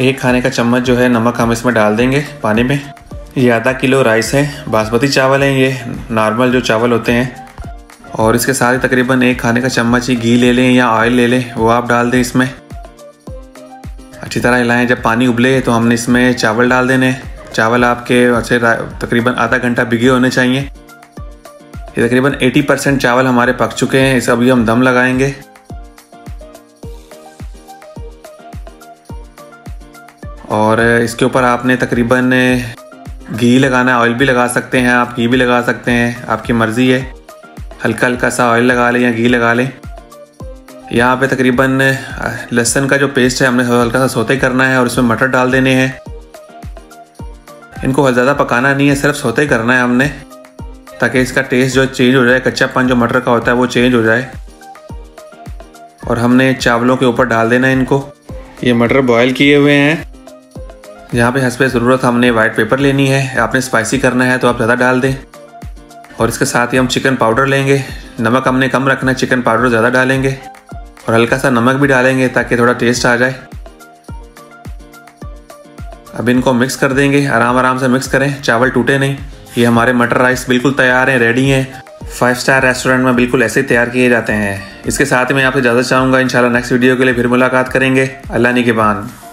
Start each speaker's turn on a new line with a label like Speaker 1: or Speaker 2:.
Speaker 1: एक खाने का चम्मच जो है नमक हम इसमें डाल देंगे पानी में ये आधा किलो राइस है बासमती चावल हैं ये नॉर्मल जो चावल होते हैं और इसके साथ ही तकरीबन एक खाने का चम्मच ही घी ले लें या ऑयल ले लें वो आप डाल दें इसमें अच्छी तरह हिलाएं जब पानी उबले तो हमने इसमें चावल डाल देने चावल आपके अच्छे तकरीबन आधा घंटा भिगे होने चाहिए ये तकरीबन 80 परसेंट चावल हमारे पक चुके हैं इसे अभी हम दम लगाएंगे और इसके ऊपर आपने तकरीबन घी लगाना है ऑयल भी लगा सकते हैं आप घी भी लगा सकते हैं आपकी मर्ज़ी है हल्का हल्का सा ऑयल लगा लें या घी लगा लें यहाँ पे तकरीबन लहसन का जो पेस्ट है हमने हल्का सा सोते करना है और इसमें मटर डाल देने हैं इनको ज़्यादा पकाना नहीं है सिर्फ सोते करना है हमने ताकि इसका टेस्ट जो चेंज हो जाए कच्चापन जो मटर का होता है वो चेंज हो जाए और हमने चावलों के ऊपर डाल देना है इनको ये मटर बॉयल किए हुए हैं यहाँ पे हंसपे ज़रूरत हमने वाइट पेपर लेनी है आपने स्पाइसी करना है तो आप ज़्यादा डाल दें और इसके साथ ही हम चिकन पाउडर लेंगे नमक हमने कम रखना है चिकन पाउडर ज़्यादा डालेंगे और हल्का सा नमक भी डालेंगे ताकि थोड़ा टेस्ट आ जाए अब इनको मिक्स कर देंगे आराम आराम से मिक्स करें चावल टूटे नहीं ये हमारे मटर राइस बिल्कुल तैयार हैं रेडी हैं फाइव स्टार रेस्टोरेंट में बिल्कुल ऐसे ही तैयार किए जाते हैं इसके साथ ही मैं आपसे ज़्यादा चाहूँगा इंशाल्लाह नेक्स्ट वीडियो के लिए फिर मुलाकात करेंगे अल्लाह के बान